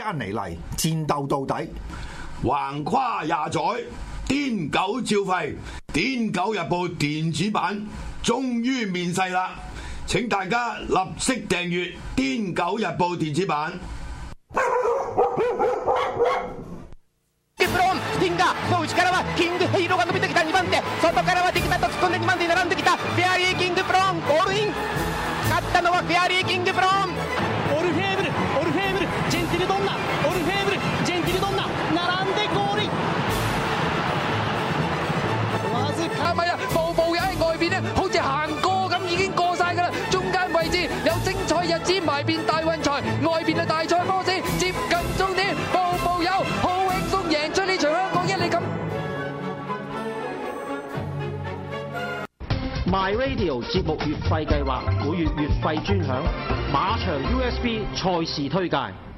艱難嚟，戰鬥到底，橫跨廿載，癲狗照吠。癲狗日報電子版終於面世啦，請大家立即訂閱癲狗日報電子版。邊咧好似行過咁，已經過晒㗎喇！中間位置有精彩日子埋，邊大運財，外邊啊大賽波士接近終點，步步有，好輕鬆贏出呢場香港一哩錦。My Radio 節目月費計劃，每月月費專享馬場 USB 賽事推介。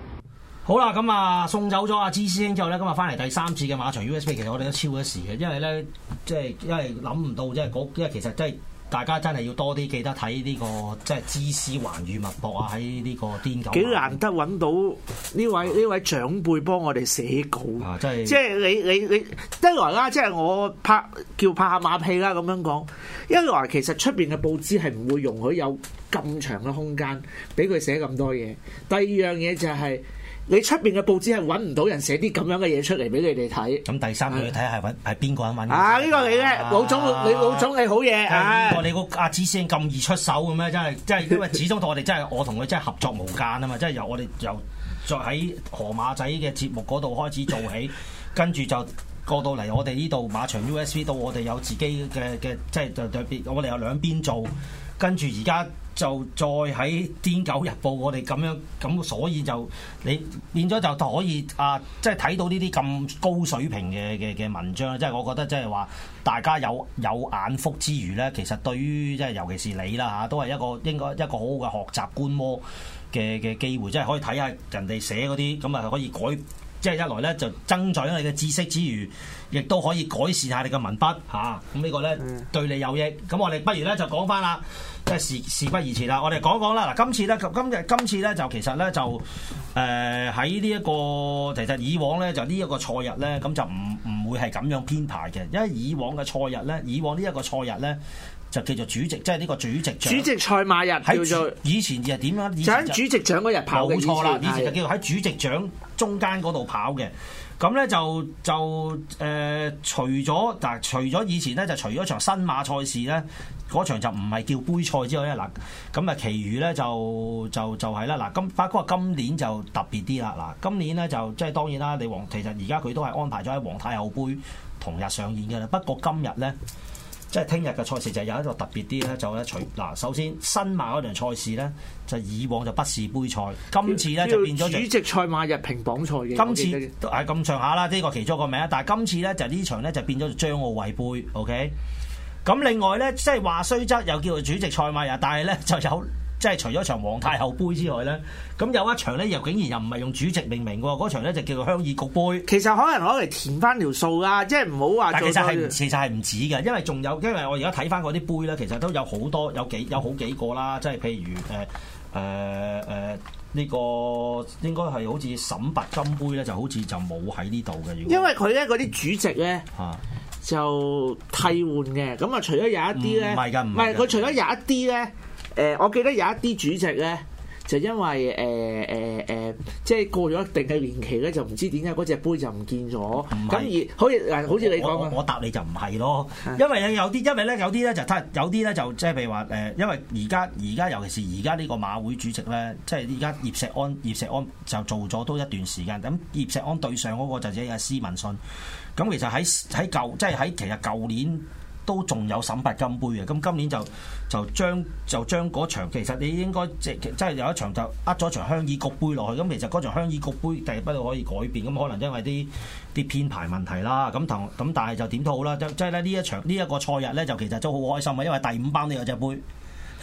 好啦，咁啊送走咗阿、啊、芝師兄之後咧，今日翻嚟第三次嘅馬場 USB，其實我哋都超咗時嘅，因為咧即係因為諗唔到，即係嗰即係其實即、就、係、是、大家真係要多啲記得睇呢、這個即係、就是、芝師環宇脈搏啊，喺呢個癲狗、啊。幾難得搵到呢位呢、啊、位長輩幫我哋寫稿，啊就是、即係你你你，一來啦，即係我拍叫拍下馬屁啦、啊、咁樣講，一來其實出邊嘅報紙係唔會容許有咁長嘅空間俾佢寫咁多嘢，第二樣嘢就係、是。你出邊嘅報紙係搵唔到人寫啲咁樣嘅嘢出嚟俾你哋睇。咁第三，要睇下係搵係邊個搵啊，呢、啊啊啊、個你咧，老總你老總你好嘢啊！我、啊這個、你個阿芝先咁易出手咁咧，真係真係因為始終同我哋真係我同佢真係合作無間啊嘛，即係由我哋由再喺河馬仔嘅節目嗰度開始做起， 跟住就過到嚟我哋呢度馬場 USB，到我哋有自己嘅嘅，即係對對邊我哋有兩邊做，跟住而家。就再喺《癲狗日報》，我哋咁樣咁，所以就你變咗就可以啊，即係睇到呢啲咁高水平嘅嘅嘅文章即係、就是、我覺得即係話，大家有有眼福之餘呢，其實對於即係尤其是你啦嚇、啊，都係一個應該一個好好嘅學習觀摩嘅嘅機會，即、就、係、是、可以睇下人哋寫嗰啲咁啊，可以改。即係一來咧，就增長你嘅知識之餘，亦都可以改善下你嘅文筆嚇。咁、啊、呢個咧對你有益。咁我哋不如咧就講翻啦，即係事事不宜遲啦。我哋講講啦。嗱，今次咧，今日今次咧就其實咧就誒喺呢一個其實以往咧就呢一個賽日咧，咁就唔唔會係咁樣編排嘅。因為以往嘅賽日咧，以往呢一個賽日咧。就叫做主席，即係呢個主席長。主席賽馬日喺主以前係點啊？喺主席長嗰日跑嘅。冇錯啦，以前就叫做喺主席長中間嗰度跑嘅。咁咧就就誒、呃，除咗嗱，除咗以前咧，就除咗場新馬賽事咧，嗰場就唔係叫杯賽之外咧，嗱，咁啊，其餘咧就就，就就就係啦。嗱，今發哥話今年就特別啲啦。嗱，今年咧就即係當然啦。你皇其實而家佢都係安排咗喺皇太后杯同日上演嘅啦。不過今日咧。即係聽日嘅賽事就有一個特別啲咧，就咧除嗱首先新馬嗰場賽事咧，就以往就不是杯賽，今次咧就變咗主席賽馬日評榜賽。今次係咁上下啦，呢個其中一個名但係今次咧就呢場咧就變咗張奧偉杯，OK？咁另外咧，即係話雖則又叫做主席賽馬日，但係咧就有。即係除咗場皇太后杯之外咧，咁有一場咧又竟然又唔係用主席命名㗎喎，嗰場咧就叫做鄉議局杯。其實可能攞嚟填翻條數啊，即係唔好話。但係其實係其實係唔止嘅，因為仲有，因為我而家睇翻嗰啲杯咧，其實都有好多有幾有好幾個啦。即係譬如誒誒誒呢個應該係好似沈白金杯咧，就好似就冇喺呢度嘅。如果因為佢咧嗰啲主席咧，啊、就替換嘅。咁啊，除咗有一啲咧，唔係㗎，唔係佢除咗有一啲咧。誒、呃，我記得有一啲主席咧，就因為誒誒誒，即係過咗一定嘅年期咧，就唔知點解嗰隻杯就唔見咗。咁是而我好似嗱，好似你講我答你就唔係咯，因為有啲，因為咧有啲咧就有啲咧就即係譬如話誒，因為而家而家尤其是而家呢個馬會主席咧，即係而家葉錫安，葉錫安就做咗都一段時間。咁葉錫安對上嗰個就只係施文信。咁其實喺喺舊，即係喺其實舊年。都仲有沈拔金杯嘅，咁今年就就將就將嗰場，其實你應該即即係有一場就呃咗場鄉議局杯落去，咁其實嗰場鄉議局杯第日都可以改變，咁可能因為啲啲編排問題啦，咁同咁但係就點都好啦，即即係咧呢一場呢一個賽日咧就其實都好開心啊，因為第五班都有隻杯。咁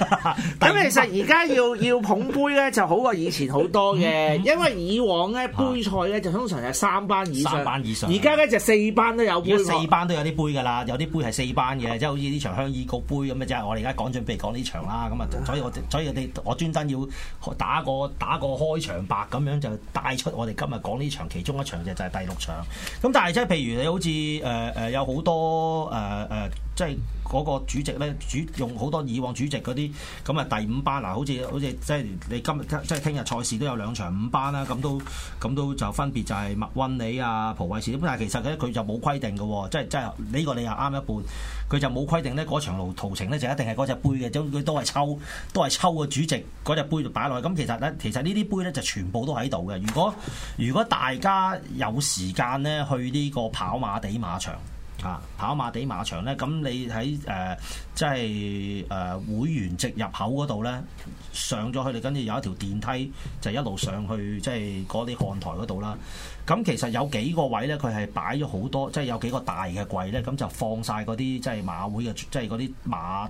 二班 其實而家要要捧杯咧，就好過以前好多嘅，因為以往咧杯賽咧就通常係三班以三班以上，而家咧就四班都有杯，四班都有啲杯噶啦，有啲杯係四班嘅， 即係好似呢場鄉議局杯咁嘅即啫。我哋而家講準備講呢場啦，咁啊，所以我所以我哋我專登要打個打個開場白咁樣，就帶出我哋今日講呢場其中一場嘅，就係第六場。咁但係即係譬如你好似誒誒，有好多誒誒、呃呃，即係。嗰個主席咧，主用好多以往主席嗰啲咁啊，第五班嗱，好似好似即係你今日即係聽日賽事都有兩場五班啦，咁都咁都就分別就係麥温李啊、蒲偉士咁，但係其實佢就冇規定嘅喎，即係即係呢個你又啱一半，佢就冇規定咧嗰場路途程咧就一定係嗰隻杯嘅，都佢都係抽都係抽個主席嗰隻杯就擺落去。咁其實咧，其實呢啲杯咧就全部都喺度嘅。如果如果大家有時間咧，去呢個跑馬地馬場，啊！跑馬地馬場咧，咁你喺誒即係誒會員席入口嗰度咧，上咗去，你跟住有一條電梯，就一路上去即係嗰啲看台嗰度啦。咁其實有幾個位咧，佢係擺咗好多，即係有幾個大嘅櫃咧，咁就放晒嗰啲即係馬會嘅，即係嗰啲馬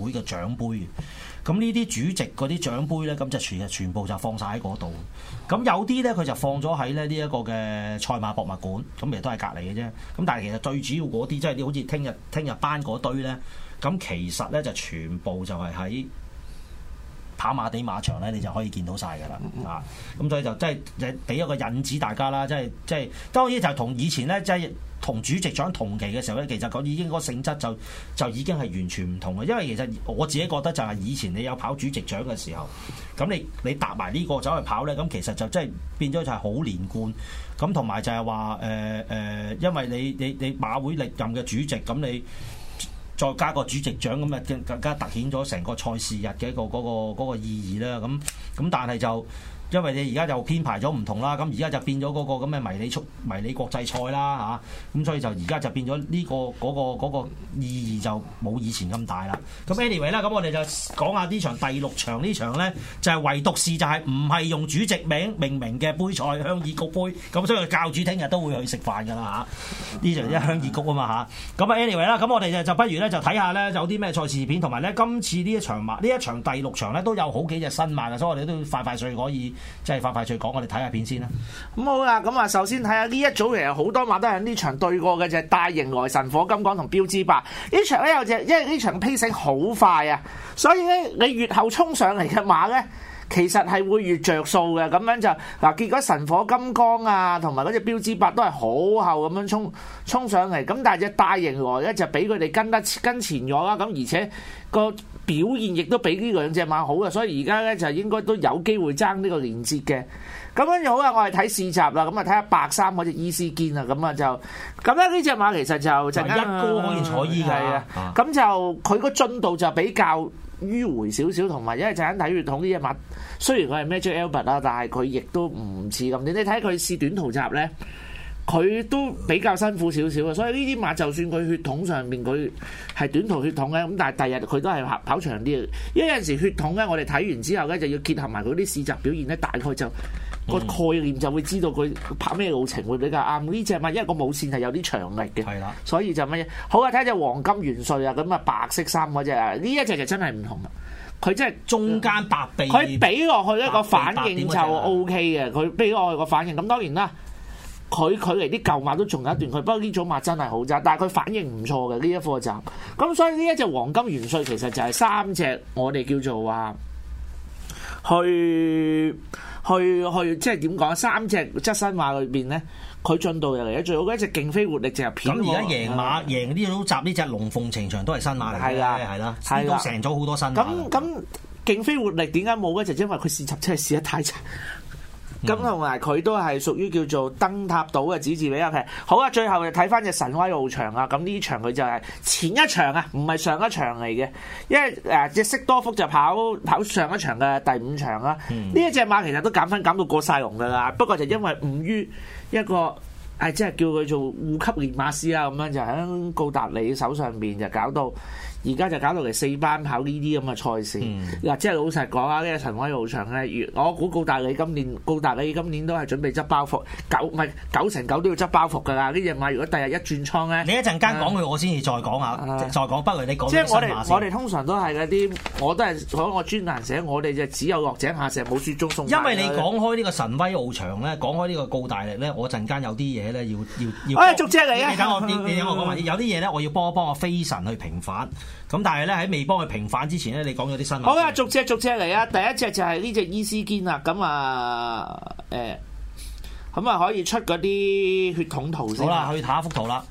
會嘅獎杯。咁呢啲主席嗰啲獎杯咧，咁就全日全部就放晒喺嗰度。咁有啲咧，佢就放咗喺咧呢一個嘅賽馬博物館，咁其實都係隔離嘅啫。咁但係其實最主要嗰啲，即係啲好似聽日聽日班嗰堆咧，咁其實咧就全部就係喺。跑馬地馬場咧，你就可以見到晒噶啦， 啊，咁所以就即係俾一個引子大家啦，即係即係當然就同以前咧，即係同主席獎同期嘅時候咧，其實講已經個性質就就已經係完全唔同嘅，因為其實我自己覺得就係以前你有跑主席獎嘅時候，咁你你搭埋呢個走去跑咧，咁其實就即係變咗就係好連貫，咁同埋就係話誒誒，因為你你你馬會歷任嘅主席咁你。再加個主席獎，咁啊，更加凸顯咗成個賽事日嘅一個嗰個嗰個意義啦。咁咁但係就。因為你而家就編排咗唔同啦，咁而家就變咗嗰個咁嘅迷你促迷你國際賽啦嚇，咁、啊、所以就而家就變咗呢、嗰個嗰、嗰個嗰個意義就冇以前咁大啦。咁 anyway 啦，咁我哋就講下呢場第六場,場呢場咧，就係唯獨是就係唔係用主席名命名嘅杯賽鄉議局杯，咁所以教主聽日都會去食飯㗎啦嚇。呢場一鄉議局啊嘛嚇，咁啊 anyway 啦，咁我哋就就不如咧就睇下咧有啲咩賽事片，同埋咧今次呢一場呢一場第六場咧都有好幾隻新馬啦，所以我哋都快快脆。可以。即係快快脆講，我哋睇下片先啦。咁好啦，咁啊首先睇下呢一組，其實好多馬都喺呢場對過嘅就係大型來、神火金剛同標緻八。呢場咧有隻，因為呢場批死好快啊，所以咧你越後衝上嚟嘅馬咧，其實係會越着數嘅。咁樣就嗱，結果神火金剛啊，同埋嗰隻標緻八都係好後咁樣衝衝上嚟，咁但係隻大型來咧就俾佢哋跟得跟前咗啦。咁而且個表現亦都比呢兩隻馬好嘅，所以而家咧就應該都有機會爭呢個連接嘅。咁跟住好啊，我係睇試集啦，咁啊睇下白衫嗰隻 E C 堅啊，咁啊就咁咧呢隻馬其實就就一哥、啊、可以坐依嘅，咁、啊啊、就佢個進度就比較迂迴少少，同埋因為陣間睇血統呢隻馬，雖然佢係 Major Albert 啦，但係佢亦都唔似咁啲。你睇佢試短途集咧。佢都比較辛苦少少嘅，所以呢啲馬就算佢血統上面，佢係短途血統嘅，咁但係第日佢都係跑，跑長啲。因為有陣時血統咧，我哋睇完之後咧就要結合埋佢啲試集表現咧，大概就、個概念就會知道佢跑咩路程會比較啱。呢隻馬因為個母線係有啲長力嘅，係啦 所以就乜嘢好啊？睇下隻黃金元帥啊，咁啊白色衫嗰隻啊，呢一隻就真係唔同啦。佢真係中間白鼻、嗯，佢俾落去咧個反應就 O K 嘅，佢俾落去個反應咁當然啦。佢距離啲舊馬都仲有一段距離，佢不過呢組馬真係好渣，但係佢反應唔錯嘅呢一貨閘，咁所以呢一隻黃金元帥其實就係三隻我哋叫做話，去去去，即係點講？三隻側身馬裏邊咧，佢進度又嚟得最好嘅一隻。勁飛活力就片，就係偏。咁而家贏馬贏呢組閘呢隻龍鳳呈祥都係新馬嚟嘅，係啦，見到成組好多新馬，咁咁勁飛活力點解冇咧？就因為佢試閘真係試得太差。咁同埋佢都係屬於叫做登塔島嘅指示比較平。好啊，最後就睇翻隻神威敖翔啊！咁呢場佢就係前一場啊，唔係上一場嚟嘅，因為誒隻、呃、色多福就跑跑上一場嘅第五場啦、啊。呢、嗯、一隻馬其實都減分減到過晒龍㗎啦，不過就因為唔於一個誒，即係叫佢做護級連馬師啊，咁樣就喺告達理手上邊就搞到。而家就搞到嚟四班跑呢啲咁嘅賽事，嗱即係老實講啊，呢個、呢個神威敖翔咧，我估告達理今年告達理今年都係準備執包袱，九唔係九成九都要執包袱㗎啦。呢隻馬如果第日一轉倉咧，你一陣間講佢，嗯、我先至再講下，嗯、再講。不如你講啲新話先。即係我哋我哋通常都係嗰啲，我都係喺我專欄寫，我哋就只有落井下石，冇雪中送。因為你講開呢個神威敖翔咧，講開呢個告達理咧，我陣間有啲嘢咧要要要。我係你等而家我講埋。有啲嘢咧，我要幫一幫，幫我飛神去平反。咁但係咧，喺未幫佢平反之前咧，你講咗啲新聞。好啊，逐隻逐隻嚟啊！第一隻就係呢隻伊斯堅啊，咁、欸、啊，誒，咁啊可以出嗰啲血統圖先。好啦、啊，去睇下幅圖啦。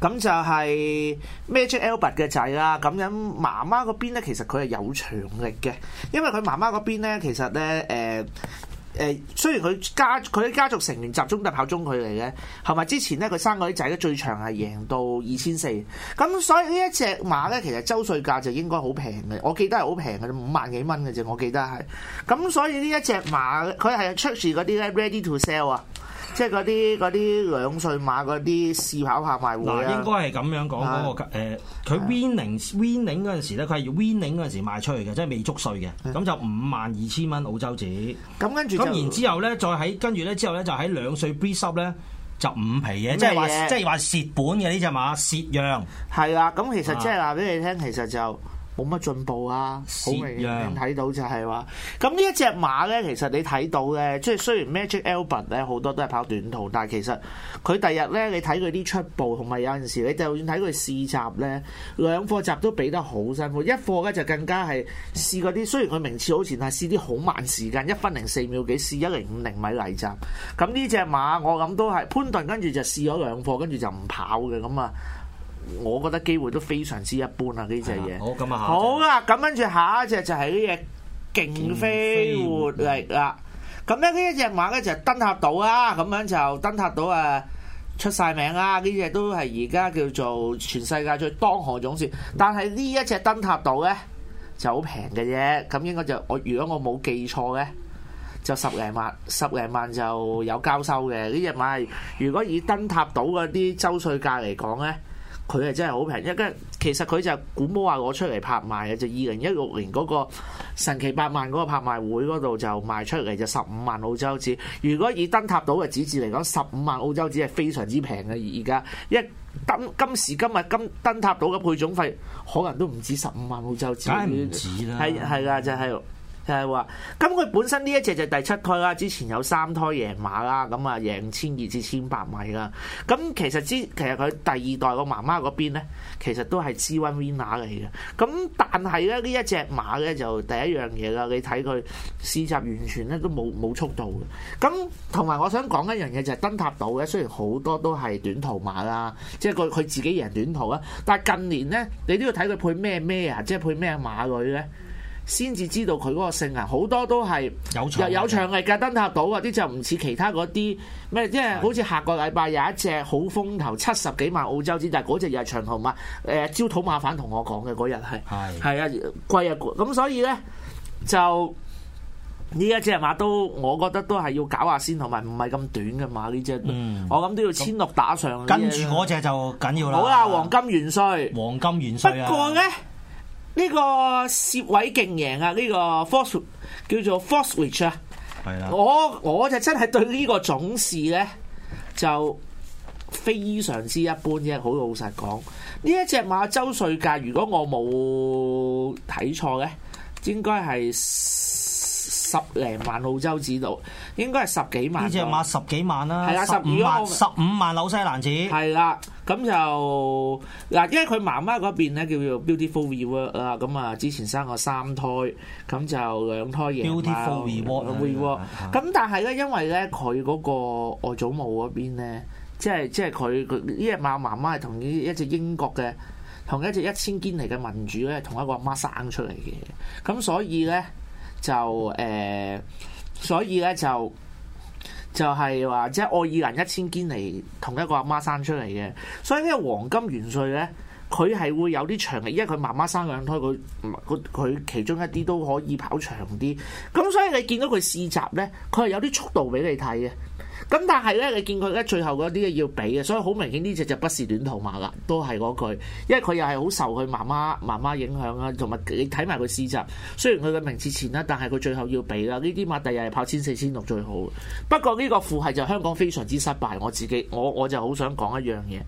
咁就係 Magic Albert 嘅仔啦？咁樣媽媽嗰邊咧，其實佢係有長力嘅，因為佢媽媽嗰邊咧，其實咧，誒、欸。誒雖然佢家佢啲家族成員集中得跑中距離嘅，同埋之前咧佢生嗰啲仔咧最長係贏到二千四，咁所以呢一隻馬咧，其實周歲價就應該好平嘅，我記得係好平嘅，五萬幾蚊嘅啫，我記得係，咁所以呢一隻馬佢係出事嗰啲咧 ready to sell 啊！即係嗰啲啲兩歲馬嗰啲試跑拍賣會嗱、啊，應該係咁樣講嗰、啊那個佢、呃、winning、啊、winning 嗰陣時咧，佢係 winning 嗰陣時賣出去嘅，即係未足歲嘅，咁、嗯、就五萬二千蚊澳洲紙。咁、嗯、跟住咁然後呢跟呢之後咧，再喺跟住咧之後咧，就喺兩歲 breeze up 咧，就五皮嘢，即係話即係話蝕本嘅呢隻馬蝕樣。係啦、啊，咁其實即係話俾你聽、啊，其實就。冇乜進步啊，好明顯睇到就係話、啊，咁呢一隻馬呢，其實你睇到呢，即係雖然 Magic Albert 呢好多都係跑短途，但係其實佢第日呢，你睇佢啲出步，同埋有陣時你就算睇佢試閘呢，兩課閘都俾得好辛苦，一課呢就更加係試嗰啲，雖然佢名次好前，係試啲好慢時間一分零四秒幾，試一零五零米泥閘。咁呢隻馬我諗都係，潘頓跟住就試咗兩課，跟住就唔跑嘅咁啊。我覺得機會都非常之一般啦。呢隻嘢好咁啊，好啦，咁跟住下一隻、啊、就係呢隻勁飛活力啦。咁咧呢一隻馬咧就係、登塔島啊。咁樣就登塔島啊，出晒名啦。呢隻都係而家叫做全世界最當行種樹，但係呢一隻登塔島咧就好平嘅啫。咁應該就我如果我冇記錯咧，就十零萬十零萬就有交收嘅呢隻馬。如果以登塔島嗰啲周歲價嚟講咧。佢係真係好平，一跟其實佢就估摩話攞出嚟拍賣嘅，就二零一六年嗰個神奇百萬嗰個拍賣會嗰度就賣出嚟就十五萬澳洲紙。如果以登塔島嘅紙質嚟講，十五萬澳洲紙係非常之平嘅而家，一燈今時今日今登塔島嘅配種費可能都唔止十五萬澳洲紙。梗啦，係係就係。就係話，咁佢本身呢一隻就第七胎啦，之前有三胎贏馬啦，咁啊贏千二至千百米啦。咁其實之其實佢第二代個媽媽嗰邊咧，其實都係 G1 Winner 嚟嘅。咁但係咧，呢一隻馬咧就第一樣嘢啦，你睇佢試習完全咧都冇冇速度嘅。咁同埋我想講一樣嘢就係、是、登塔島嘅，雖然好多都係短途馬啦，即係佢佢自己贏短途啦。但係近年咧，你都要睇佢配咩咩啊，即係配咩馬類咧。先至知道佢嗰個性啊！好多都係有有長力嘅登塔島啊！啲就唔似其他嗰啲咩，即係好似下個禮拜有一隻好風頭七十幾萬澳洲紙，但係嗰隻又係長頭馬誒焦、呃、土馬反同我講嘅嗰日係係係啊貴啊！咁所以咧就呢一隻馬都，我覺得都係要搞下先，同埋唔係咁短嘅嘛。呢隻。嗯、我咁都要千六打上隻。跟住嗰隻就緊要啦。好啦、啊，黃金元帥，黃金元帥啊！不過咧。呢個攝位勁贏啊，呢、這個 force 叫做 force switch 啊，的，我我就真係對個種呢個種事咧就非常之一般啫，好老實講。呢一隻馬周歲價，如果我冇睇錯嘅，應該係。十零萬澳洲指度，應該係十幾萬。呢隻馬十幾萬啦，係啊，啊十五萬，十五萬,十五萬紐西蘭紙。係啦、啊，咁就嗱，因為佢媽媽嗰邊咧叫做 Beautiful Reward 啦，咁啊，之前生個三胎，咁就兩胎嘢。Reward，Reward。咁但係咧，因為咧，佢嗰個外祖母嗰邊咧，即係即係佢呢隻馬媽媽係同一隻英國嘅，同一隻一千堅尼嘅民主咧，同一個阿媽，媽生出嚟嘅，咁所以咧。就誒、呃，所以咧就，就就係話，即、就、係、是、愛爾蘭一千堅尼同一個阿媽生出嚟嘅，所以呢，為黃金元帥咧，佢係會有啲長嘅，因為佢媽媽生兩胎，佢佢佢其中一啲都可以跑長啲，咁所以你見到佢試閘咧，佢係有啲速度俾你睇嘅。咁但係咧，你見佢咧最後嗰啲嘢要俾嘅，所以好明顯呢隻就不是短途馬啦，都係嗰句，因為佢又係好受佢媽媽媽媽影響啦，同埋你睇埋佢詩集，雖然佢嘅名次前啦，但係佢最後要俾啦，呢啲馬第日係跑千四千六最好。不過呢個父系就香港非常之失敗，我自己我我就好想講一樣嘢，誒、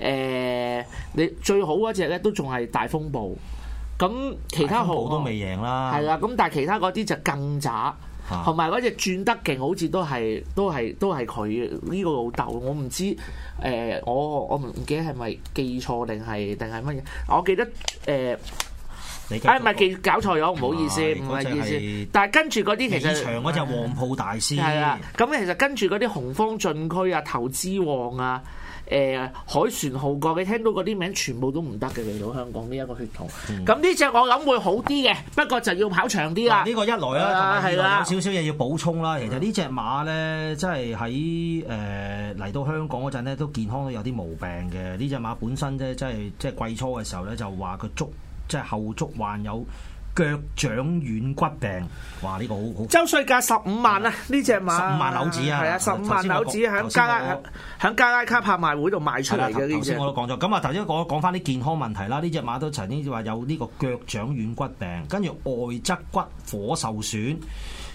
呃，你最好嗰隻咧都仲係大風暴，咁其他好都未贏啦，係啦，咁但係其他嗰啲就更渣。同埋嗰隻轉得勁，好似都係都係都係佢呢個老豆。我唔知誒、呃，我我唔記得係咪記錯定係定係乜嘢？我記得誒，呃、你哎唔係記搞錯咗，唔好意思，唔係、哎那個、意思。個但係跟住嗰啲其實，長只黃埔大師係啦。咁、那個、其實跟住嗰啲紅方進區啊，投資王啊。誒、呃、海船號過，你聽到嗰啲名全部都唔得嘅嚟到香港呢一個血統。咁呢隻我諗會好啲嘅，不過就要跑長啲啦。呢、嗯呢個一來啦，同埋的有，有少少嘢要補充啦。的其實隻呢隻馬咧，即係喺誒嚟到香港嗰陣咧，都健康都有啲毛病嘅。呢隻馬本身咧，即係即係季初嘅時候咧，就話佢足即係後足患有。腳掌軟骨病，哇！呢、呢個好好，周歲價、啊、的十五萬啊！呢隻馬十五萬紐子啊，係啊，十五萬紐子喺加拉喺加拉卡拍賣會度賣出嘅。頭先的只我都講咗，咁啊，頭先講講翻啲健康問題啦。呢隻馬都曾經話有呢個腳掌軟骨病，跟住外側骨火受損。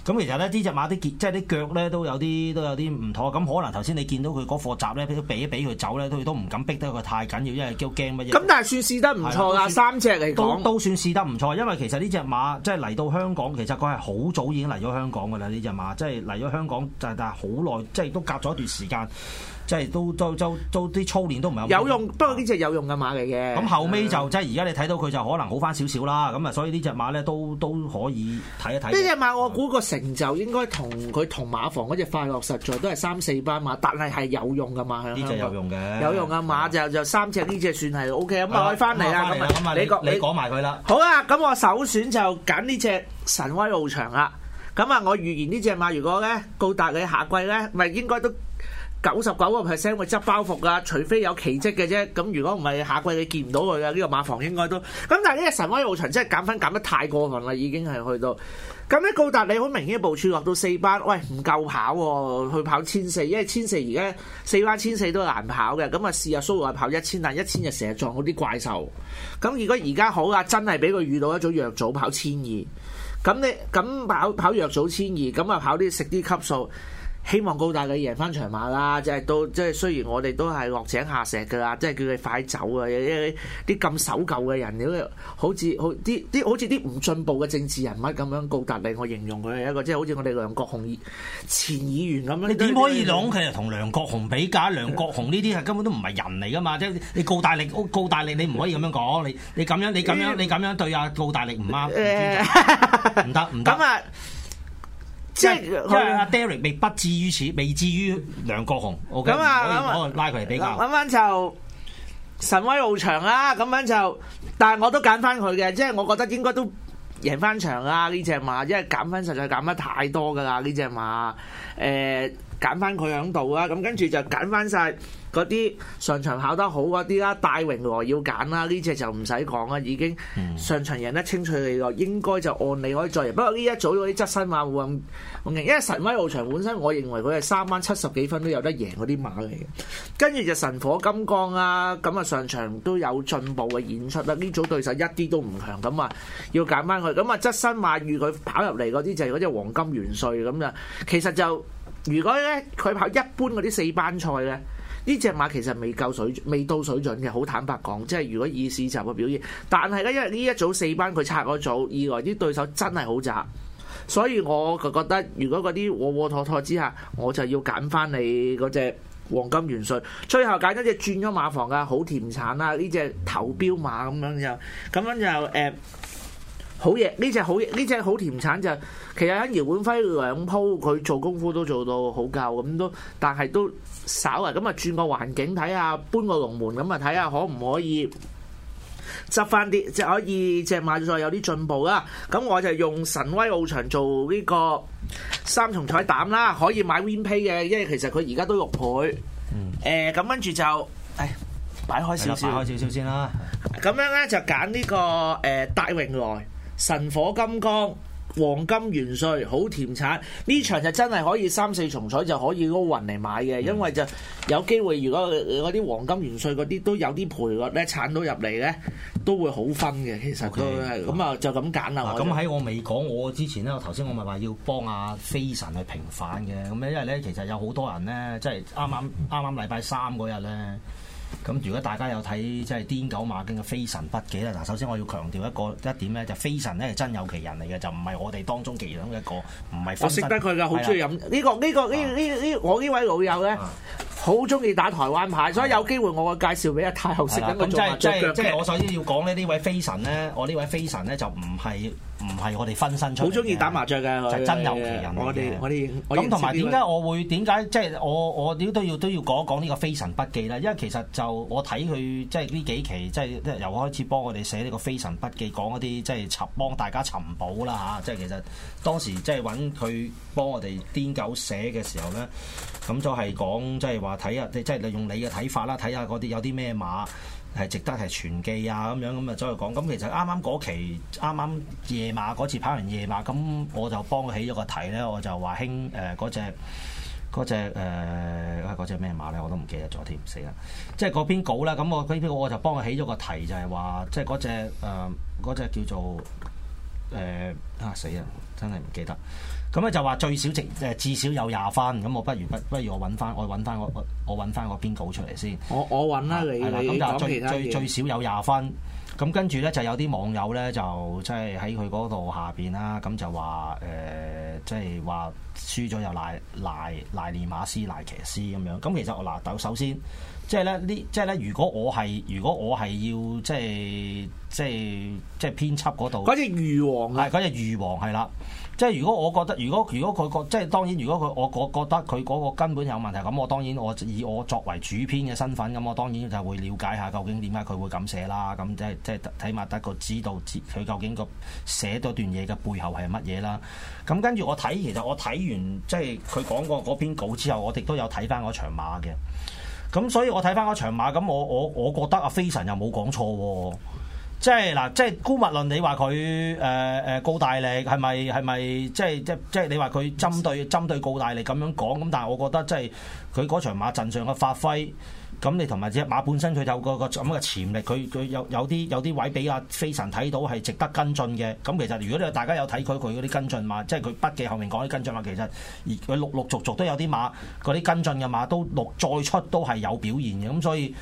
咁其實咧，呢隻馬啲即係啲腳咧都有啲都有啲唔妥。咁可能頭先你見到佢嗰貨閘咧，逼逼都俾一俾佢走咧，佢都唔敢逼得佢太緊要，因為都驚乜嘢。咁但係算試得唔錯㗎，三隻嚟講都，都算試得唔錯，因為其實呢隻馬即係嚟到香港，其實佢係好早已經嚟咗香港㗎啦。呢隻馬即係嚟咗香港，但但係好耐，即係都隔咗一段時間。即係都都都都啲操練都唔係冇用，有用。不過呢隻有用嘅馬嚟嘅。咁、嗯、後尾就即係而家你睇到佢就可能好翻少少啦。咁啊，所以隻呢隻馬咧都都可以睇一睇。呢隻馬我估個成就應該同佢同馬房嗰隻快樂實在都係三四班馬，但係係有用嘅嘛。呢隻有用嘅有用嘅馬就就三隻呢隻算係 OK 咁啊，可以翻嚟啦咁啊，你講你講埋佢啦。你好啊，咁我首選就揀呢隻神威敖翔啦。咁啊，我預言呢隻馬如果咧告達理下季咧，咪應該都。九十九個 percent 會執包袱㗎，除非有奇蹟嘅啫。咁如果唔係，下季你見唔到佢嘅呢個馬房應該都咁。但係呢神威敖翔真係減分減得太過分啦，已經係去到咁。呢告達理你好明顯部署落到四班，喂唔夠跑、哦、去跑千四，因為千四而家四班千四都難跑嘅。咁啊試下蘇華跑一千，但一千就成日撞嗰啲怪獸。咁如果而家好啊，真係俾佢遇到一種弱組跑千二，咁你咁跑跑弱組千二，咁啊跑啲食啲級數。希望告達理贏翻長馬啦！即係到即係雖然我哋都係落井下石噶啦，即係叫佢快走啊！啲咁守舊嘅人，你好似好啲啲，好似啲唔進步嘅政治人物咁樣，告達理，我形容佢係一個即係好似我哋梁國雄前議員咁樣。你點可以講佢係同梁國雄比較？梁國雄呢啲係根本都唔係人嚟噶嘛！即係你告達理，告達理你唔可以咁樣講你，你咁樣你咁樣你咁樣，對啊告達理，唔啱唔得唔得咁啊！即係阿 Derek 未不至於此，未至於梁國雄、OK。咁啊，拉佢嚟比較。咁樣就神威路長神威敖翔啦。咁樣就，但係我都揀翻佢嘅，即、就、係、是、我覺得應該都贏翻場啊。呢隻馬。因為減分實在減得太多噶啦呢隻馬。誒、欸，揀翻佢喺度啊。咁跟住就揀翻晒。嗰啲上場考得好嗰啲啦，大榮來要揀啦。呢隻就唔使講啦，已經上場贏得清脆利落，應該就按理可以再贏。不過呢一組嗰啲側身馬冇咁咁勁，因為神威敖翔本身，我認為佢係三班七十幾分都有得贏嗰啲馬嚟嘅。跟住就神火金剛啊，咁啊上場都有進步嘅演出啦。呢組對手一啲都唔強，咁啊要揀翻佢。咁啊側身馬與佢跑入嚟嗰啲就係嗰隻黃金元帥咁啊。其實就如果咧佢跑一般嗰啲四班賽咧。呢隻馬其實未夠水準，未到水準嘅，好坦白講，即係如果以市集嘅表現，但係咧，因為呢一組四班佢拆咗組，二來啲對手真係好雜，所以我就覺得，如果嗰啲渾渾妥妥之下，我就要揀翻你嗰隻黃金元帥，最後揀咗隻轉咗馬房㗎好甜橙啦，呢隻頭標馬咁樣就咁樣就誒、呃、好嘢，呢隻好呢隻好甜橙就其實喺姚本輝兩鋪佢做功夫都做到好夠咁都，但係都。手啊，咁啊轉個環境睇下，搬個龍門咁啊睇下可唔可以執翻啲，即係可以即係買再有啲進步啦。咁我就用神威敖翔做呢個三重彩膽啦，可以買 win pay 嘅，因為其實佢而家都六倍。誒，咁跟住就誒擺開少少，擺開少少先啦。咁樣咧就揀呢個誒大榮來神火金剛，黃金元帥好甜橙呢場就真係可以三四重彩就可以撈勻嚟買嘅，因為就有機會，如果嗰啲黃金元帥嗰啲都有啲賠率咧，鏟到入嚟咧，都會好分嘅。其實佢係咁 Okay, 啊，就咁揀啦。咁喺、啊、我未講我之前咧，我頭先我咪話要幫阿、啊、飛神去平反嘅咁咧，因為咧其實有好多人咧，即係啱啱啱啱禮拜三嗰日咧。咁如果大家有睇即係《癲狗馬經》嘅飛神筆記咧，嗱，首先我要強調一個一點咧，就是、飛神咧係真有其人嚟嘅，就唔係我哋當中嘅其中一個。唔係、我識得佢噶，好中意飲呢個呢、這個呢呢呢，這個啊、我呢位老友咧，好中意打台灣牌，的所以有機會我會介紹俾阿太後識，咁即係即係即係我首先要講咧，呢位飛神咧，嗯、我呢位飛神咧就唔係。唔係我哋分身出，好中意打麻雀㗎，就真有其人，我哋我哋，咁同埋，點解我會點解即係我我點都要都要講一講呢個飛神筆記咧？因為其實就我睇佢即係呢幾期，即係即係由開始幫我哋寫呢個飛神筆記，講一啲即係尋幫大家尋寶啦嚇、啊。即係其實當時即係揾佢幫我哋癲狗寫嘅時候咧，咁就係講即係話睇下，即係利用你嘅睇法啦，睇下嗰啲有啲咩馬，係值得係傳記啊，咁樣咁啊，再去講。咁其實啱啱嗰期，啱啱夜馬嗰次跑完夜馬，咁我就幫佢起咗個題咧，我就話興誒，嗰隻嗰隻，誒嗰隻咩馬咧？我都唔記得咗添死啦！即係嗰篇稿啦，咁我嗰篇我就幫佢起咗個題就係、是、話即係嗰隻誒嗰隻叫做誒、呃、啊死啦！真係唔記得。咁咧就話最少值誒至少有廿分，咁我不如不不如我揾翻我揾翻我我揾翻我篇稿出嚟先。我我揾啦，你你講其他。咁就最最最少有廿分，咁跟住咧就有啲網友咧就即係喺佢嗰度下邊啦，咁、呃、就話誒即係話輸咗又賴賴賴尼馬斯賴騎師咁樣。咁其實我嗱首先即係咧呢即係咧，如果我係如果我係要即係即係即係編輯嗰度嗰隻魚王嗰隻魚王係啦。即係如果我覺得，如果如果佢個，即係當然，如果佢我我覺得佢嗰個根本有問題，咁我當然我以我作為主編嘅身份，咁我當然就係會了解下究竟點解佢會咁寫啦。咁即係即係睇埋得個知道，佢究竟個寫咗段嘢嘅背後係乜嘢啦。咁跟住我睇，其實我睇完即係佢講過嗰篇稿之後，我亦都有睇翻嗰場馬嘅。咁所以我睇翻嗰場馬，咁我我我覺得阿飛神又冇講錯喎、哦。即係嗱，即係姑勿論你，你話佢誒誒高大力係咪係咪？即係即即係你話佢針對針對高大力咁樣講咁，但係我覺得即係佢嗰場馬陣上嘅發揮，咁你同埋隻馬本身佢有個咁嘅潛力，佢佢有有啲有啲位俾阿飛神睇到係值得跟進嘅。咁其實如果你大家有睇佢佢嗰啲跟進馬，即係佢筆記後面講啲跟進馬，其實而佢陸陸陸續續都有啲馬嗰啲跟進嘅馬都陸再出都係有表現嘅，咁所以。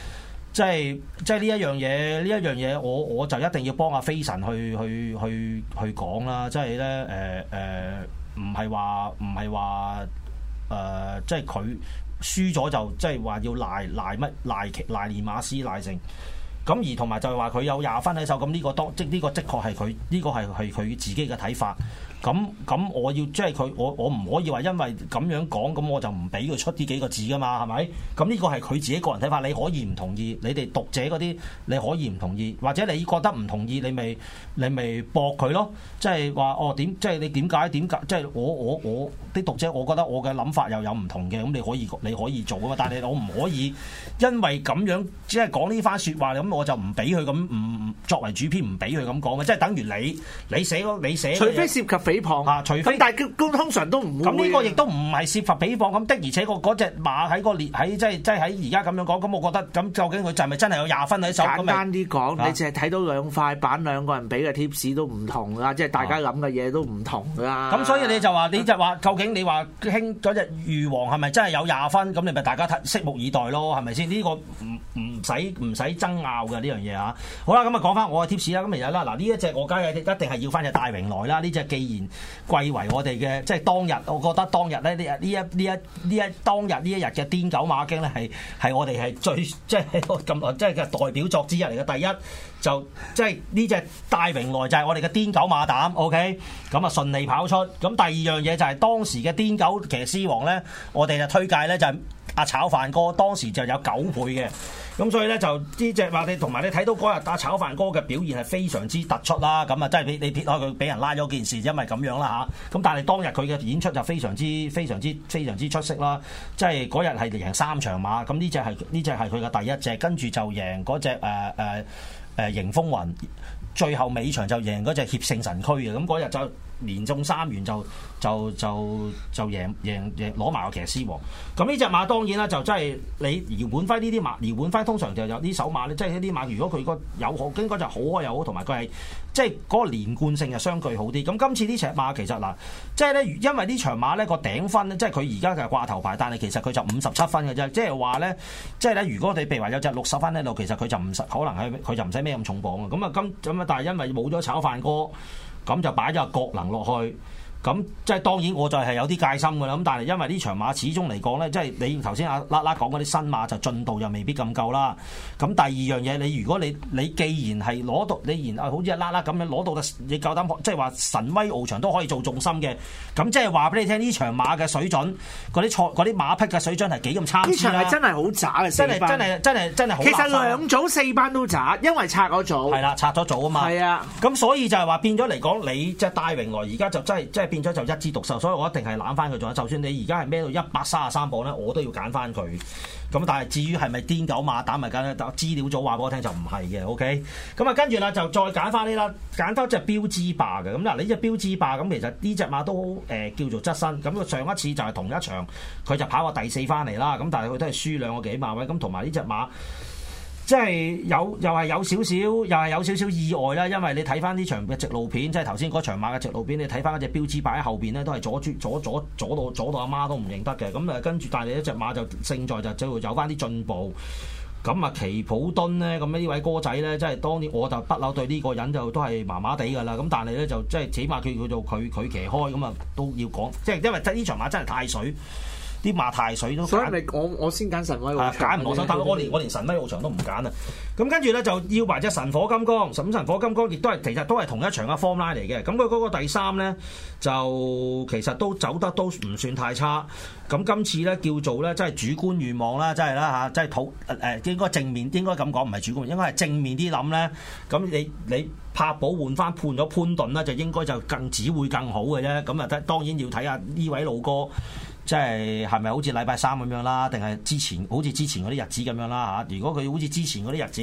即係即係呢一樣嘢，呢一樣嘢我我就一定要幫阿飛神去去去去，去講啦。即係咧誒誒，唔係話唔係話誒，即係佢輸咗就即係話要賴賴乜賴賴尼馬斯賴成咁，而同埋就係話佢有廿分喺手，咁、呢、呢個多即呢、呢個，的確係佢呢個係係佢自己嘅睇法。咁咁，我要即係佢，我我唔可以話因為咁樣講，咁我就唔俾佢出呢幾個字噶嘛，係咪？咁呢個係佢自己個人睇法，你可以唔同意，你哋讀者嗰啲你可以唔同意，或者你覺得唔同意，你咪你咪駁佢咯。即係話哦，點即係你點解點解？即係我我我啲讀者，我覺得我嘅諗法又有唔同嘅，咁你可以你可以做啊嘛。但係我唔可以因為咁樣，即係講呢番說話，咁我就唔俾佢咁唔作為主編唔俾佢咁講嘅。即係等於你你寫咯你寫，除非涉及。比磅啊，除非但係佢通常都唔咁，呢個亦都唔係涉犯比磅咁的，而且個嗰隻馬喺個列喺，即係即係喺而家咁樣講，咁我覺得咁究竟佢就係咪真係有廿分喺手？簡單啲講，啊、你淨係睇到兩塊板兩個人俾嘅 t 士都唔同啦，即係大家諗嘅嘢都唔同啦。咁、啊、所以你就話你就話究竟你話興嗰隻御王係咪真係有廿分？咁你咪大家拭目以待咯，係咪先？呢、這個唔唔使唔使爭拗嘅呢樣嘢啊。好啦，咁啊講翻我嘅 t 士 p 啦。咁其家啦，嗱，呢一隻我梗係一定係要翻隻大榮來啦。呢隻既然貴為我哋嘅，即係當日，我覺得當日咧呢呢一呢一呢一,一當日呢一日嘅癲狗馬經咧，係係我哋係最即係咁即係嘅代表作之一嚟嘅。第一就即係呢隻大榮來就係我哋嘅癲狗馬膽，OK，咁啊順利跑出。咁第二樣嘢就係當時嘅癲狗騎師王咧，我哋就推介咧就係。阿、啊、炒飯哥當時就有九倍嘅，咁所以咧就呢隻話你同埋你睇到嗰日阿炒飯哥嘅表現係非常之突出啦，咁啊真係你你撇開佢俾人拉咗件事，因為咁樣啦吓。咁、啊、但係當日佢嘅演出就非常之非常之非常之出色啦，即係嗰日係贏三場馬，咁呢隻係呢隻係佢嘅第一隻，跟住就贏嗰隻誒誒誒迎風雲，最後尾場就贏嗰隻協勝神區嘅，咁嗰日就。連中三元就就就就，就贏贏贏攞埋個騎師王，咁呢隻馬當然啦，就真係你姚本輝呢啲馬，姚本輝通常就有呢首馬咧，即係啲馬如果佢個有好，應該就好開又好，同埋佢係即係嗰個連貫性啊相對好啲。咁今次呢場馬其實嗱，即係咧，因為呢場馬咧個頂分咧，即係佢而家就係掛頭牌。但係其實佢就五十七分嘅啫，即係話咧，即係咧，如果你譬如話有隻六十分喺度，其實佢就唔可能係佢就唔使咩咁重磅。啊。咁啊今咁啊，但係因為冇咗炒飯哥。咁就擺咗個角能落去。咁即係當然，我就係有啲戒心㗎啦。咁但係因為呢場馬始終嚟講咧，即係你頭先阿拉拉講嗰啲新馬就進度又未必咁夠啦。咁第二樣嘢，你如果你你既然係攞到，你然好似阿拉拉咁樣攞到你夠膽即係話神威敖翔都可以做重心嘅。咁即係話俾你聽，呢場馬嘅水準，嗰啲錯嗰啲馬匹嘅水準係幾咁差？呢場係真係好渣嘅，真係真係真係真係好。其實兩組四班都渣，因為拆咗組。係、嗯、啦，拆咗組啊嘛。係啊，咁所以就係話變咗嚟講，你即係戴榮來而家就真係、就係、真係。變咗就一枝獨秀，所以我一定係攬翻佢做。就算你而家係孭到一百三十三磅咧，我都要揀翻佢。咁但係至於係咪癲狗馬打埋架咧？但資料組話俾我聽就唔係嘅，OK。咁啊，跟住啦就再揀翻啲啦，揀翻隻標志霸嘅。咁嗱，你隻標志霸咁其實呢隻馬都誒、呃、叫做側身。咁佢上一次就係同一場，佢就跑過第四翻嚟啦。咁但係佢都係輸兩個幾馬位。咁同埋呢隻馬。即係有，又係有少少，又係有少少意外啦。因為你睇翻呢場嘅直路片，即係頭先嗰場馬嘅直路片，你睇翻嗰隻標誌擺喺後邊咧，都係阻住，阻阻阻，阻，阻，阻到阻到阿媽都唔認得嘅。咁、嗯、啊，跟住但係呢隻馬就勝在就最後有翻啲進步。咁、嗯、啊，奇普敦呢，咁呢位哥仔呢，即係當年我就不嬲對呢個人就都係麻麻地㗎啦。咁、嗯、但係呢，就即係起碼佢叫做佢佢騎開咁啊、嗯，都要講，即係因為呢場馬真係太水，啲馬太水，所以你我我先揀神威喎，揀唔落手，但我連我連神威路場都唔揀啊！咁跟住咧就要埋隻神火金剛，十神火金剛亦都係其實都係同一場嘅 form 拉嚟嘅。咁佢嗰個第三咧就其實都走得都唔算太差。咁今次咧叫做咧，即係主觀願望啦，即係啦嚇，即係土誒應該正面應該咁講，唔係主觀，應該係正面啲諗咧。咁你你拍保換翻判咗潘頓啦，就應該就更只會更好嘅啫。咁啊得，當然要睇下呢位老哥，即係係咪好似禮拜三咁樣啦？定係之前好似之前嗰啲日子咁樣啦嚇、啊？如果佢好似之前嗰啲日子，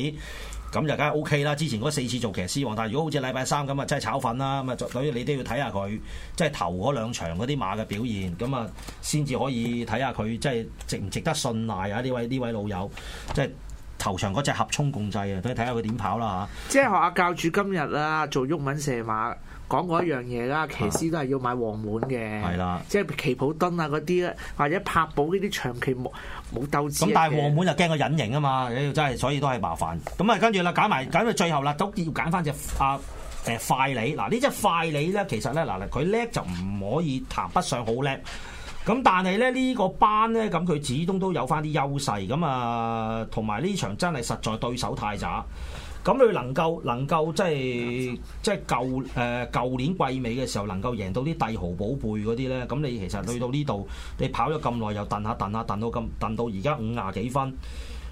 咁就梗係 O K 啦。之前嗰四次做騎師王，但係如果好似禮拜三咁啊，真係炒粉啦咁啊！就等於你都要睇下佢，即係頭嗰兩場嗰啲馬嘅表現，咁啊先至可以睇下佢即係值唔值得信賴啊！呢位呢位老友，即係頭場嗰隻合衝共濟看看啊，等睇下佢點跑啦嚇！即係學阿教主今日啦、啊，做喐文射馬。講過一樣嘢啦，騎師都係要買黃門嘅，啊、即係奇普敦啊嗰啲，或者柏寶呢啲長期冇冇鬥志。咁但係黃門就驚個隱形啊嘛，真係所以都係麻煩。咁啊跟住啦，揀埋揀到最後啦，都要揀翻隻阿誒快你。嗱呢隻快你咧，其實咧嗱佢叻就唔可以談不上好叻。咁但係咧呢個班咧，咁佢始終都有翻啲優勢。咁啊同埋呢場真係實在對手太渣。咁你能夠能夠，能夠即係即係舊誒舊年季尾嘅時候能夠贏到啲帝豪寶貝嗰啲咧，咁、嗯、你其實去到呢度，你跑咗咁耐又掄下掄下掄到咁掄到而家五廿幾分，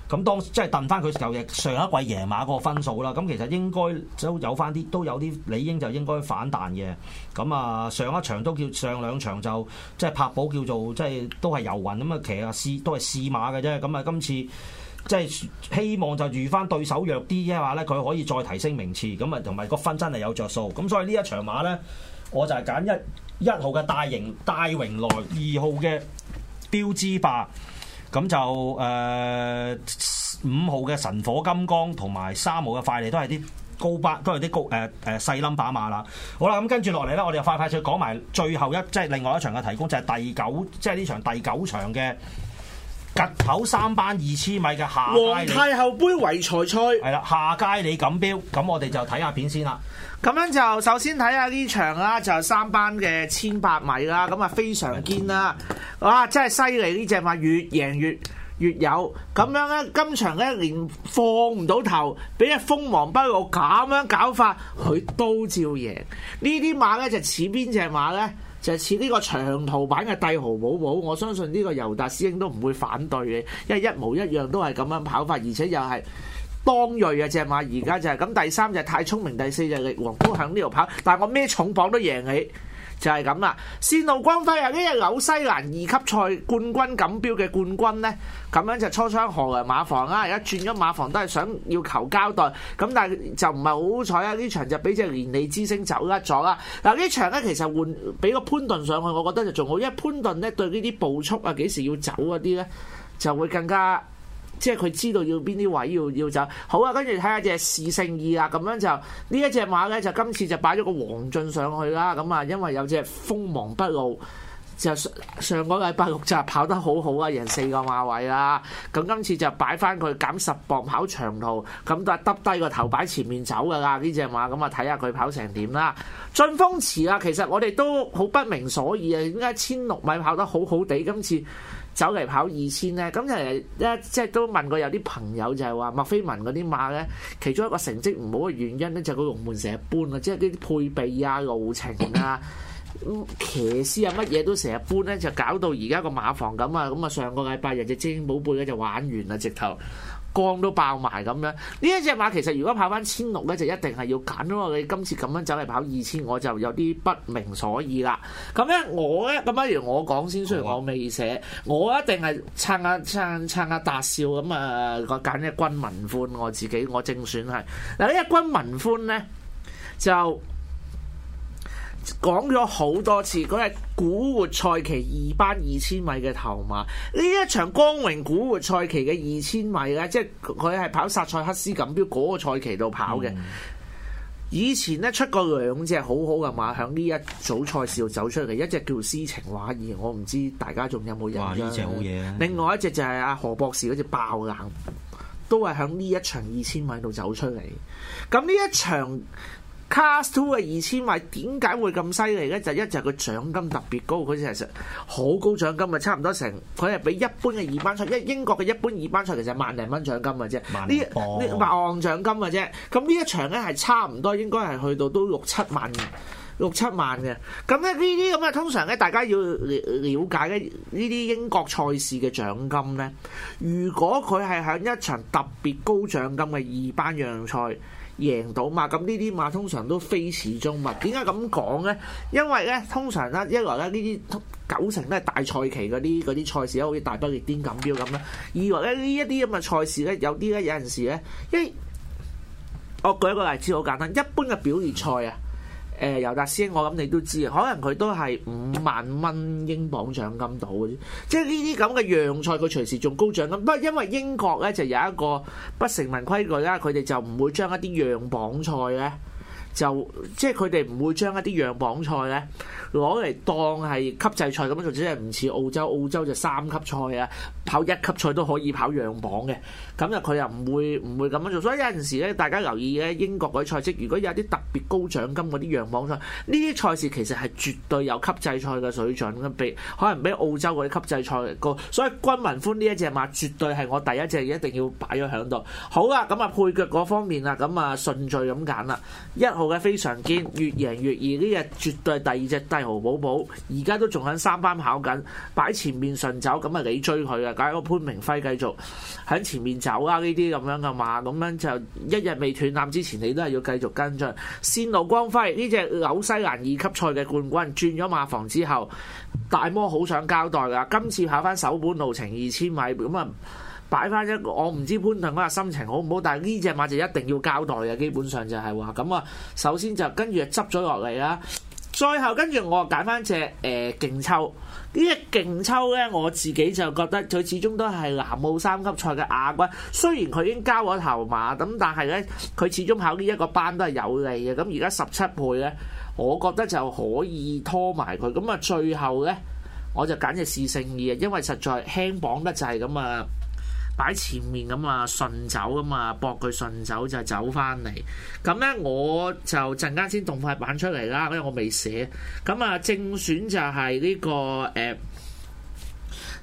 咁、嗯、當即係掄翻佢就日上一季贏馬個分數啦。咁、嗯、其實應該都有翻啲都有啲理應就應該反彈嘅。咁、嗯、啊上一場都叫上兩場就即係拍保叫做即係都係遊魂咁啊騎下試都係試馬嘅啫。咁、嗯、啊今次。即係希望就遇翻對手弱啲嘅話咧，佢可以再提升名次咁啊，同埋個分真係有着數。咁所以呢一場馬咧，我就係揀一一號嘅大榮大榮來，二號嘅標緻霸，咁就誒、呃、五號嘅神火金剛，同埋三號嘅快力都係啲高八，都係啲高誒誒、呃、細冧把馬啦。好啦，咁跟住落嚟咧，我哋就快快脆講埋最後一即係、就係、另外一場嘅提供，就係、係、第九即係呢場第九場嘅。及頭三班二千米嘅下皇太后杯為才吹，係啦，下街你錦標咁，我哋就睇下片先啦。咁樣就首先睇下呢場啦，就三班嘅千八米啦，咁啊非常堅啦，哇、啊！真係犀利呢隻馬，越贏越越有。咁樣咧，今場咧連放唔到頭，俾隻鋒芒不露咁樣搞法，佢都照贏。呢啲馬咧就似邊隻馬咧？就似呢個長途版嘅帝豪寶寶，我相信呢個尤達師兄都唔會反對嘅，因為一模一樣都係咁樣跑法，而且又係當鋭嘅隻馬，而家就係、是、咁。第三就係太聰明，第四就係力王都響呢度跑，但係我咩重磅都贏你。就係咁啦，線路光輝啊！呢日紐西蘭二級賽冠軍錦標嘅冠軍呢，咁樣就初槍何來馬房啦，而家轉咗馬房都係想要求交代、啊，咁但係就唔係好彩啦！呢場就俾隻連利之星走甩咗啦。嗱，呢場呢，其實換俾個潘頓上去，我覺得就仲好，因為潘頓呢對呢啲步速啊、幾時要走嗰啲呢，就會更加。即係佢知道要邊啲位要要走，好啊！跟住睇下隻士勝意啦，咁樣就呢一隻馬呢，就今次就擺咗個黃俊上去啦，咁啊，因為有隻鋒芒不露就上上個禮拜六就跑得好好啊，贏四個馬位啦。咁今次就擺翻佢減十磅跑長途，咁都係耷低個頭擺前面走噶啦呢隻馬，咁啊睇下佢跑成點啦。進風池啊，其實我哋都好不明所以啊，點解千六米跑得好好地，今次？走嚟跑二千咧，咁就係，即係都問過有啲朋友就係話，莫非文嗰啲馬咧，其中一個成績唔好嘅原因咧，就佢龍門成日搬啊，即係啲配備啊、路程啊、騎師啊乜嘢都成日搬咧，就搞到而家個馬房咁啊，咁啊上個禮拜日隻精寶貝咧就玩完啦，直頭。光都爆埋咁樣，呢一隻馬其實如果跑返千六咧，就一定係要揀咯。你今次咁樣走嚟跑二千，我就有啲不明所以啦。咁咧我咧咁不如我講先，雖然我未寫，我一定係撐下撐撐阿達少咁啊！我揀一軍民歡我自己，我正選係。嗱，呢一軍民歡咧就。講咗好多次，嗰日古活賽期二班二千米嘅頭馬。呢一場光榮古活賽期嘅二千米呢，即係佢係跑薩塞克斯錦標嗰個賽期度跑嘅。嗯、以前呢，出過兩隻好好嘅馬，喺呢一組賽事度走出嚟，一隻叫詩情畫意，我唔知大家仲有冇人、啊？哇！呢隻好嘢。另外一隻就係阿何博士嗰隻爆冷，都係喺呢一場二千米度走出嚟。咁呢一場。Cast Two 嘅二千米點解會咁犀利呢？就係、一就係、係、佢獎金特別高，佢就係實好高獎金嘅，差唔多成佢係比一般嘅二班賽，因為英國嘅一般二班賽其實萬零蚊獎金嘅啫，呢呢萬多獎金嘅啫。咁呢一場呢，係差唔多應該係去到都六七萬嘅，六七萬嘅。咁咧呢啲咁嘅通常咧，大家要了解咧呢啲英國賽事嘅獎金呢。如果佢係喺一場特別高獎金嘅二班樣賽。贏到嘛？咁呢啲馬通常都非池中物。點解咁講咧？因為咧，通常咧，一來咧呢啲九成都係大賽期嗰啲嗰啲賽事咧，好似大畢業、巔錦標咁啦。二來咧呢一啲咁嘅賽事咧，有啲咧有陣時咧，因為我舉一個例子好簡單，一般嘅表列賽啊。誒、呃、尤達師兄，我諗你都知，可能佢都係五萬蚊英鎊獎金到嘅啫，即係呢啲咁嘅讓賽，佢隨時仲高獎金，不過因為英國咧就有一個不成文規矩啦，佢哋就唔會將一啲讓磅賽咧。就即係佢哋唔會將一啲讓磅賽呢攞嚟當係級制賽咁樣做，即係唔似澳洲，澳洲就三級賽啊，跑一級賽都可以跑讓磅嘅。咁啊，佢又唔會唔會咁樣做。所以有陣時呢，大家留意咧，英國嗰啲賽事，如果有啲特別高獎金嗰啲讓磅賽，呢啲賽事其實係絕對有級制賽嘅水準嘅，比可能比澳洲嗰啲級制賽高。所以君民歡呢一隻馬絕對係我第一隻，一定要擺咗喺度。好啦，咁、嗯、啊配腳嗰方面啦，咁、嗯、啊順序咁揀啦，一。嘅非常堅，越贏越易。呢日絕對係第二隻帝豪寶寶，而家都仲喺三班跑緊，擺前面順走，咁啊你追佢啊，搞個潘明輝繼續喺前面走啊，呢啲咁樣嘅馬，咁樣就一日未斷纜之前，你都係要繼續跟進。線路光輝呢隻紐西蘭二級賽嘅冠軍，轉咗馬房之後，大摩好想交代噶，今次跑翻首本路程二千米，咁啊。擺翻一個，我唔知潘頓嗰個心情好唔好，但係呢隻馬就一定要交代嘅。基本上就係話咁啊。首先就跟住執咗落嚟啦，最後跟住我揀翻隻誒勁抽呢隻勁抽呢，我自己就覺得佢始終都係南澳三級賽嘅亞軍，雖然佢已經交咗頭馬咁，但係呢，佢始終考呢一個班都係有利嘅。咁而家十七倍呢，我覺得就可以拖埋佢咁啊。最後呢，我就揀隻試勝意啊，因為實在輕綁得滯咁啊。擺前面咁啊，順走咁啊，搏佢順走就係、走翻嚟。咁咧，我就陣間先動塊板出嚟啦，因為我未寫。咁啊，正選就係呢個誒、呃，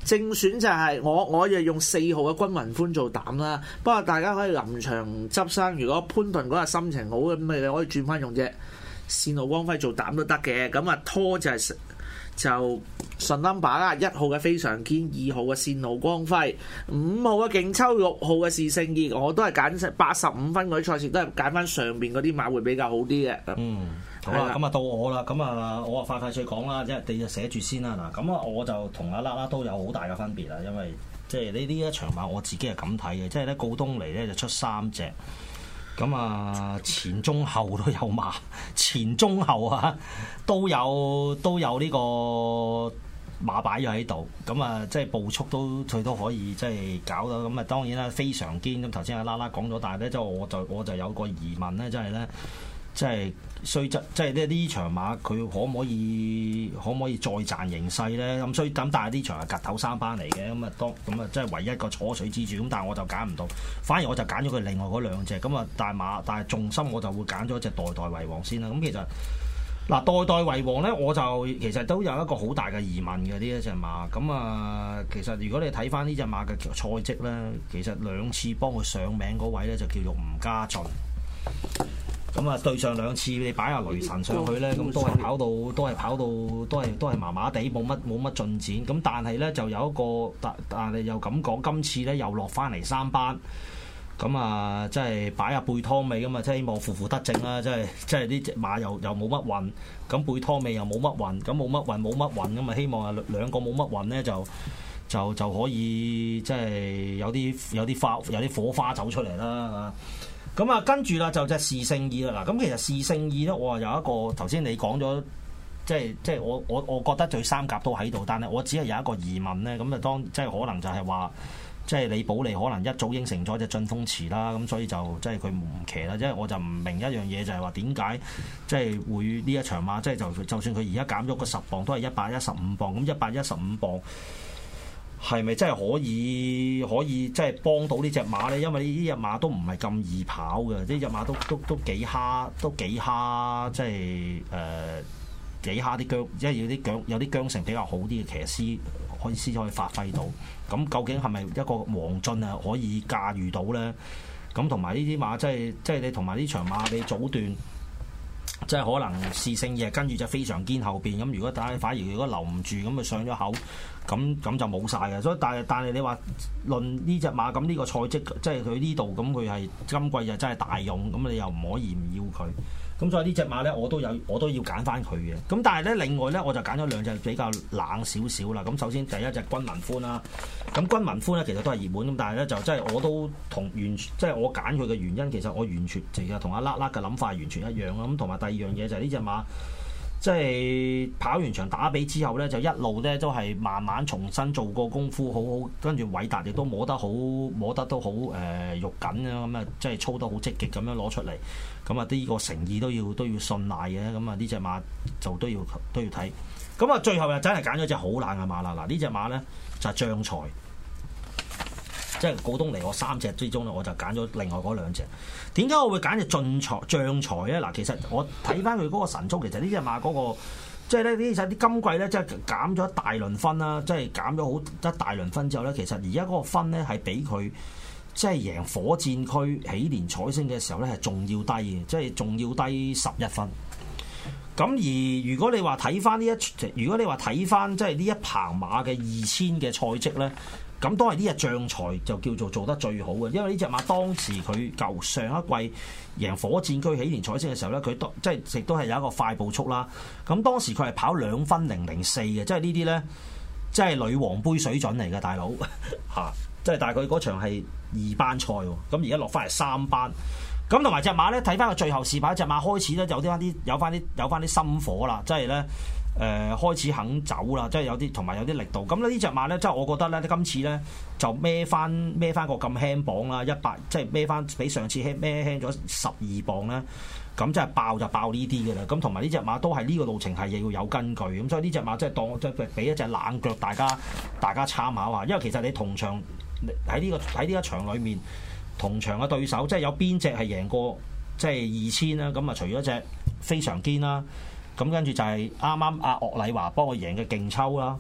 正選就係我我亦用四號嘅均勻寬做膽啦。不過大家可以臨場執生，如果潘頓嗰日心情好咁，你可以轉翻用隻線路光輝做膽都得嘅。咁啊，拖就係、就。順 number 啦，一號嘅非常堅，二號嘅線路光輝，五號嘅勁抽，六號嘅市勝熱，我都係揀八十五分嗰啲賽事，都係揀翻上邊嗰啲馬會比較好啲嘅。嗯，好啦，咁啊、嗯、到我啦，咁啊我啊快快脆講啦，即係你就寫住先啦。嗱，咁啊我就同阿拉拉都有好大嘅分別啊，因為即係呢啲一場馬我自己係咁睇嘅，即係咧告東尼咧就出三隻，咁啊前中後都有馬，前中後啊都有都有呢、這個。馬擺咗喺度，咁啊，即係步速都佢都可以即係、就是、搞到，咁啊當然啦，非常堅咁頭先阿 LakLak 講咗，但係咧即係我就我就有個疑問咧，即係咧，即係雖則即係咧呢場馬佢可唔可以可唔可以再賺形勢咧？咁所以咁但係呢場係夾頭三班嚟嘅，咁啊當咁啊即係唯一一個坐水之柱，咁但係我就揀唔到，反而我就揀咗佢另外嗰兩隻，咁啊大馬但係重心我就會揀咗一隻代代為王先啦，咁其實。嗱，代代為王呢，我就其實都有一個好大嘅疑問嘅呢一隻馬。咁啊，其實如果你睇翻呢隻馬嘅賽績呢，其實兩次幫佢上名嗰位呢，就叫做吳家俊。咁啊，對上兩次你擺下雷神上去呢，咁都係跑到都係跑到都係都係麻麻地，冇乜冇乜進展。咁但係呢，就有一個，但但係又咁講，今次呢又落翻嚟三班。咁啊、嗯嗯，即係擺下背湯尾噶嘛，即係希望負負得正啦。即係即係呢隻馬又又冇乜運，咁背湯尾又冇乜運，咁冇乜運冇乜運咁啊！希望啊兩個冇乜運咧，就就就可以即係有啲有啲花有啲火花走出嚟啦嚇。咁、嗯、啊、嗯，跟住啦就隻「試勝意」啦。嗱，咁其實「試勝意」咧，我話有一個頭先你講咗，即係即係我我我覺得最三甲都喺度，但係我只係有一個疑問咧。咁啊，當即係可能就係話。即係李保利可能一早應承咗隻進風池啦，咁所以就即係佢唔騎啦，即係我就唔明一樣嘢就係話點解即係會呢一場馬，即係就就，就，就，就，就，就算佢而家減咗個十磅都係一百一十五磅，咁一百一十五磅係咪真係可以可以即係幫到隻呢隻馬咧？因為呢隻馬都唔係咁易跑嘅，呢隻馬都都都，都幾蝦，都幾蝦，即係誒幾蝦啲姜，即係有啲姜有啲姜性比較好啲嘅騎師。可以試可以發揮到咁。究竟係咪一個黃俊啊，可以駕馭到咧？咁同埋呢啲馬，即係即係你同埋呢場馬，你早段即係可能是性嘅，跟住就非常堅後邊咁。如果但係反而如果留唔住咁，咪上咗口咁咁就冇晒嘅。所以但係但係你話論呢隻馬咁呢個賽績，即係佢呢度咁，佢係今季就真係大用咁，你又唔可以唔要佢。咁所以呢隻馬咧，我都有我都要揀翻佢嘅。咁但係咧，另外咧，我就揀咗兩隻比較冷少少啦。咁首先第一隻軍民歡啦，咁軍民歡咧其實都係熱門，咁但係咧就即係我都同完即係我揀佢嘅原因，其實我完全其實同阿粒粒嘅諗法完全一樣啦。咁同埋第二樣嘢就係呢隻馬。即係跑完場打比之後咧，就一路咧都係慢慢重新做過功夫，好好跟住偉達亦都摸得好，摸得都好誒、呃、肉緊啊！咁啊，即係操得好積極咁樣攞出嚟，咁啊呢依個誠意都要都要信賴嘅，咁啊呢隻馬就都要都要睇，咁啊最後又真係揀咗隻好冷嘅馬啦！嗱，隻呢隻馬咧就係、是、將才。即係股東嚟，我三隻之中咧，我就揀咗另外嗰兩隻。點解我會揀就進財將才咧？嗱，其實我睇翻佢嗰個神速，其實呢隻馬嗰個即係咧，其實啲今季咧，即係減咗一大輪分啦，即係減咗好一大輪分之後咧，其實而家嗰個分咧係比佢即係贏火箭區起連彩星嘅時候咧係仲要低嘅，即係仲要低十一分。咁而如果你話睇翻呢一，如果你話睇翻即係呢一棚馬嘅二千嘅賽績咧。咁當然呢隻將才就叫做做得最好嘅，因為呢隻馬當時佢舊上一季贏火箭區起連彩星嘅時候咧，佢都即係亦都係有一個快步速啦。咁當時佢係跑兩分零零四嘅，即係呢啲咧，即係女王杯水準嚟嘅大佬嚇。即係大概佢嗰場係二班賽，咁而家落翻嚟三班。咁同埋隻馬咧，睇翻佢最後試跑，隻馬開始咧有翻啲有翻啲有翻啲心火啦，即係咧。誒、呃、開始肯走啦，即係有啲同埋有啲力度。咁呢隻馬咧，即係我覺得咧，今次咧就孭翻孭翻個咁輕磅啦，一百即係孭翻比上次輕孭輕咗十二磅啦。咁即係爆就爆呢啲嘅啦。咁同埋呢隻馬都係呢個路程係亦要有根據。咁所以呢隻馬即係當即係俾一隻冷腳大家大家參考下。因為其實你同場喺呢、呢個喺呢一場裏面同場嘅對手，即係有邊隻係贏過即係二千啦？咁啊，除咗一隻非常堅啦。咁跟住就係啱啱阿岳禮華幫我贏嘅勁抽啦，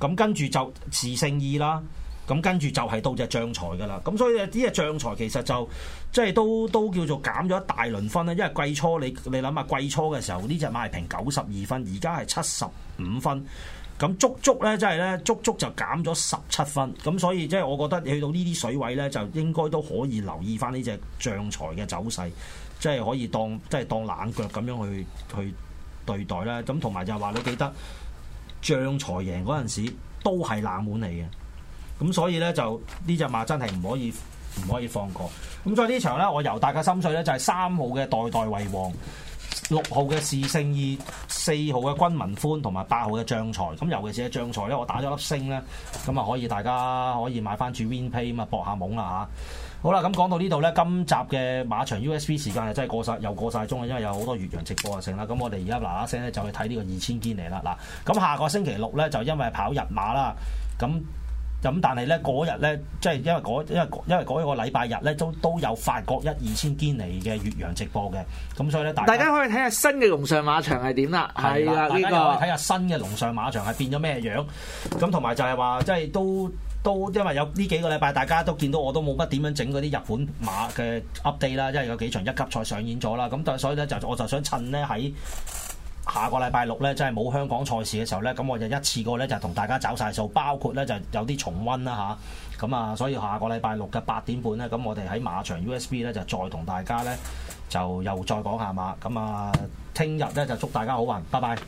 咁跟住就自勝意啦，咁跟住就係到隻將才噶啦，咁所以呢隻將才其實就即係都都叫做減咗一大輪分咧，因為季初你你諗下，季初嘅時候呢隻馬係平九十二分，而家係七十五分，咁足足咧即係咧足足就減咗十七分，咁所以即係我覺得去到呢啲水位咧，就應該都可以留意翻呢隻將才嘅走勢，即係可以當即係當冷腳咁樣去去。對待啦，咁同埋就係話，你記得將才贏嗰陣時都係冷門嚟嘅，咁所以呢，就呢隻馬真係唔可以唔可以放過。咁所以呢場呢，我由大家心水呢，就係三號嘅代代為王，六號嘅士勝二，四號嘅軍民歡，同埋八號嘅將才。咁尤其是呢將才呢，我打咗粒星呢，咁啊可以大家可以買翻住 win pay 咁啊博下懵啦嚇。好啦，咁講到呢度咧，今集嘅馬場 USB 時間就真係過晒，又過晒鐘啦，因為有好多越洋直播啊成啦。咁我哋而家嗱嗱聲咧，就去睇呢個二千堅尼啦。嗱，咁下個星期六咧，就因為跑日馬啦，咁咁但係咧嗰日咧即係因為嗰、嗰個、因為因為嗰個禮拜日咧都都有法國一二千堅尼嘅越洋直播嘅，咁所以咧大家大家可以睇下新嘅龍上馬場係點啦，係啦的，大家又可以睇下新嘅龍上馬場係變咗咩樣，咁同埋就係話即係都。都因為有呢幾個禮拜，大家都見到我都冇乜點樣整嗰啲日本馬嘅 update 啦，因為有幾場一級賽上演咗啦。咁但係所以咧就我就想趁咧喺下個禮拜六咧，即係冇香港賽事嘅時候咧，咁我就一次過咧就同大家找晒數，包括咧就有啲重溫啦吓，咁啊，所以下個禮拜六嘅八點半咧，咁我哋喺馬場 USB 咧就再同大家咧就又再講下馬。咁啊，聽日咧就祝大家好運，拜拜。